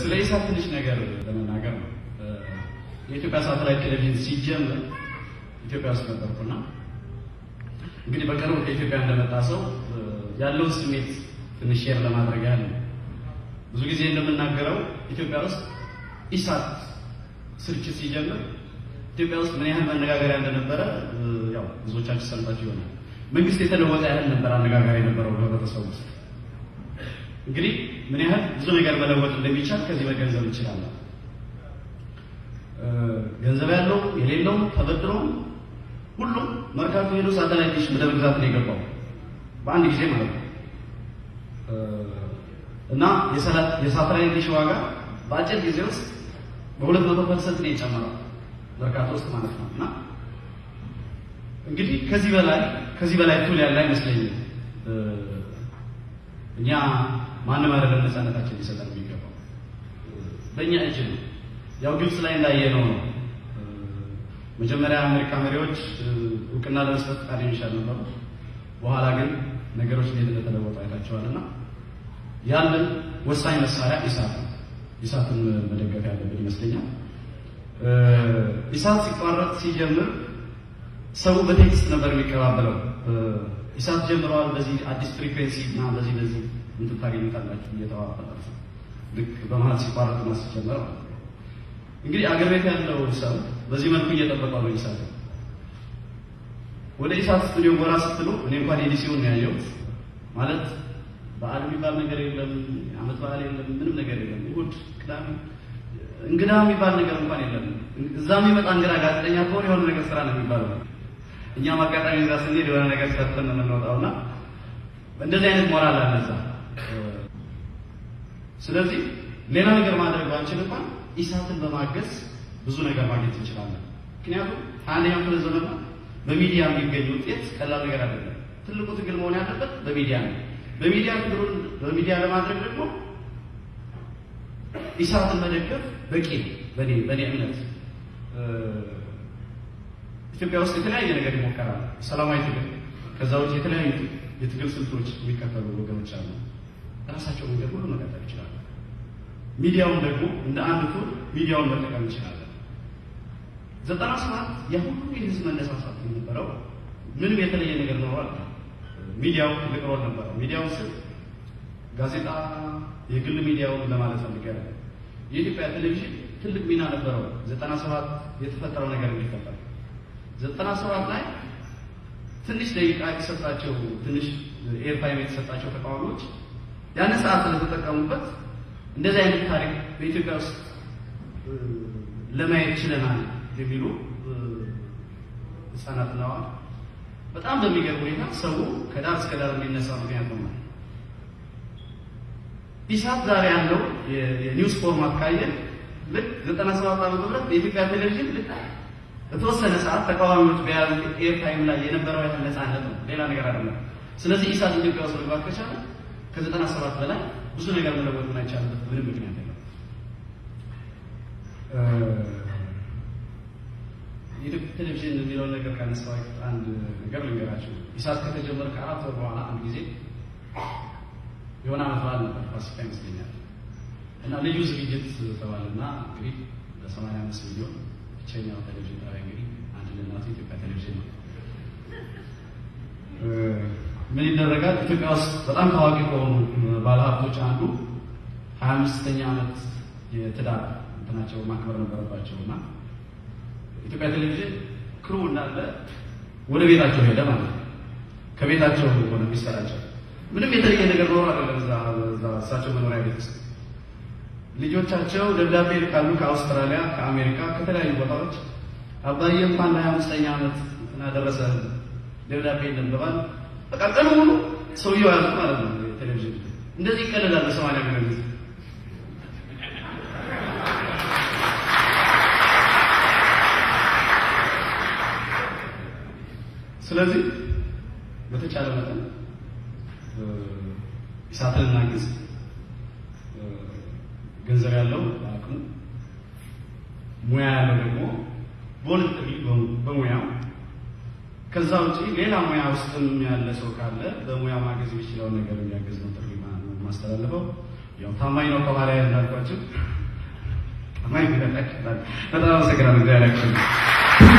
ስለ ኢሳት ትንሽ ነገር ለመናገር ነው። የኢትዮጵያ ሳተላይት ቴሌቪዥን ሲጀምር ኢትዮጵያ ውስጥ ነበርኩና እንግዲህ በቅርቡ ከኢትዮጵያ እንደመጣ ሰው ያለውን ስሜት ትንሽ ሼር ለማድረግ ያለ ብዙ ጊዜ እንደምናገረው ኢትዮጵያ ውስጥ ኢሳት ስርጭት ሲጀምር ኢትዮጵያ ውስጥ ምን ያህል መነጋገሪያ እንደነበረ ያው ብዙዎቻችን ሰምታችሁ ይሆናል። መንግስት የተለወጠ ያህል ነበር አነጋጋሪ የነበረው በህብረተሰቡ ውስጥ እንግዲህ ምን ያህል ብዙ ነገር መለወጥ እንደሚቻል ከዚህ መገንዘብ እንችላለን። ገንዘብ ያለው የሌለው ተበድሮ ሁሉም መርካቶ ሄዶ ሳተላይት ዲሽ ምድረ ግዛት ነው የገባው በአንድ ጊዜ ማለት ነው። እና የሳተላይት ዲሽ ዋጋ በአጭር ጊዜ ውስጥ በሁለት መቶ ፐርሰንት ነው የጨመረው መርካቶ ውስጥ ማለት ነው። እና እንግዲህ ከዚህ በላይ ከዚህ በላይ ቱል ያለ አይመስለኝም እኛ ማንም አይደለም ነፃነታችን ሊሰጠን የሚገባው በእኛ እጅ ነው። ያው ግብፅ ላይ እንዳየ ነው። መጀመሪያ አሜሪካ መሪዎች እውቅና ለመስጠት ቃል ይሻል ነበሩ። በኋላ ግን ነገሮች እንዴት እንደተለወጡ አይታቸዋልና ያለን ወሳኝ መሳሪያ ኢሳት ነው። ኢሳትን መደገፍ ያለብን ይመስለኛል። ኢሳት ሲቋረጥ ሲጀምር ሰው በቴክስት ነበር የሚቀባበለው። ኢሳት ጀምረዋል፣ በዚህ አዲስ ፍሪኩዌንሲ እና በዚህ በዚህ እንድታገኙታላችሁ እየተባበረስ ልክ በመሀል ሲቋረጥና ሲጀመር ማለት ነው። እንግዲህ አገር ቤት ያለው ሰው በዚህ መልኩ እየጠበቀው ነው ይሳል። ወደ ኢሳት ስቱዲዮ ጎራ ስትሉ እኔ እንኳን ኤዲሲውን ማለት በዓል የሚባል ነገር የለም፣ በዓል የለም፣ ምንም ነገር የለም። እሑድ፣ ቅዳሜ እንግዳ የሚባል ነገር እንኳን የለም። እዛ የሚመጣ እንግዳ ጋዜጠኛ ከሆነ የሆነ ነገር ስራ ነው የሚባለው። እኛም አጋጣሚ እዛ ስንሄድ የሆነ ነገር ሰርተን እንደዚህ አይነት ሞራል አለ እዛ ስለዚህ ሌላ ነገር ማድረግ ባንችል እንኳን ኢሳትን በማገዝ ብዙ ነገር ማግኘት እንችላለን። ምክንያቱም አንደኛው ክፍለ ዘመና በሚዲያ የሚገኝ ውጤት ቀላል ነገር አይደለም። ትልቁ ትግል መሆን ያለበት በሚዲያ ነው። በሚዲያ ትግሩን በሚዲያ ለማድረግ ደግሞ ኢሳትን መደገፍ በቂ በኔ በኔ እምነት ኢትዮጵያ ውስጥ የተለያየ ነገር ይሞከራል። ሰላማዊ ትግል ከዛ ውጭ የተለያዩ የትግል ስልቶች የሚከተሉ ወገኖች አሉ። ራሳቸው መንገድ ሁሉ መቀጠል ይችላሉ። ሚዲያውን ደግሞ እንደ አንድ ቱር ሚዲያውን መጠቀም እንችላለን። ዘጠና ሰባት የሁሉ የህዝብ መነሳሳት የነበረው ምንም የተለየ ነገር ኖሯል። ሚዲያው ትልቅ ሮል ነበረው። ሚዲያው ስል ጋዜጣ፣ የግል ሚዲያውን ለማለት ፈልገ የኢትዮጵያ ቴሌቪዥን ትልቅ ሚና ነበረው። ዘጠና ሰባት የተፈጠረው ነገር እንዲፈጠር ዘጠና ሰባት ላይ ትንሽ ደቂቃ የተሰጣቸው ትንሽ ኤርታይም የተሰጣቸው ተቃዋሚዎች ያን ሰዓት ስለተጠቀሙበት እንደዚህ አይነት ታሪክ በኢትዮጵያ ውስጥ ለማየት ችለናል የሚሉ ህጻናት ነዋል። በጣም በሚገርም ሁኔታ ሰው ከዳር እስከ ዳር እንዲነሳ ምክንያት ነው። ኢሳት ዛሬ ያለው የኒውስ ፎርማት ካየ ልክ 97 ሰባት ምህረት በኢትዮጵያ ቴሌቪዥን ልክ በተወሰነ ሰዓት ተቃዋሚዎች በያዙ ኤር ታይም ላይ የነበረው ያህል ነፃነት ነው፣ ሌላ ነገር አይደለም። ስለዚህ ኢሳት ኢትዮጵያ ውስጥ ከቻለ ከዘጠና ሰባት በላይ ብዙ ነገር መለወጥ የማይቻልበት ምንም ምክንያት የለም። የኢትዮጵያ ቴሌቪዥን የሚለውን ነገር ከነሳ አንድ ነገር ልንገራቸው። ኢሳት ከተጀመረ ከአራት ወር በኋላ አንድ ጊዜ የሆነ አመት በዓል ነበር፣ ፋሲካ ይመስለኛል። እና ልዩ ዝግጅት ተባለና እንግዲህ ለሰማንያ አምስት ሚሊዮን ብቸኛው ቴሌቪዥን ጣቢያ እንግዲህ አንድ ለእናቱ ኢትዮጵያ ቴሌቪዥን ነው። ምን ይደረጋል? ኢትዮጵያ ውስጥ በጣም ታዋቂ ከሆኑ ባለሀብቶች አንዱ ሀያ አምስተኛ ዓመት የትዳር እንትናቸው ማክበር ነበረባቸው እና ኢትዮጵያ ቴሌቪዥን ክሩ እንዳለ ወደ ቤታቸው ሄደ ማለት ነው። ከቤታቸው ሆነ የሚሰራቸው ምንም የተለየ ነገር ኖሮ አይደለም። እዛ እሳቸው መኖሪያ ቤት ውስጥ ልጆቻቸው ደብዳቤ ይልካሉ። ከአውስትራሊያ፣ ከአሜሪካ፣ ከተለያዩ ቦታዎች አባዬ እንኳን ለሀያ አምስተኛ ዓመት እናደረሰ ደብዳቤ እንደንበባል በቃ ሙሉ ሰውየው ያልኩ ማለት ነው። ቴሌቪዥን እንደዚህ ይቀለዳል በሰማንያ ሚሊዮን ስለዚህ በተቻለ መጠን ኢሳትን ግዝ ገንዘብ ያለው አቅሙ ሙያ ያለው ደግሞ በሁለት በሙያው ከዛ ውጪ ሌላ ሙያ ውስጥም ያለ ሰው ካለ በሙያ ማገዝ የሚችለውን ነገር የሚያገዝ ነው ጥሪ ማስተላለፈው። ያው ታማኝ ነው ከባሪያ እንዳልኳቸው ታማኝ ነጠቅ በጣም አመሰግናለሁ። እግዚአብሔር ያክብር።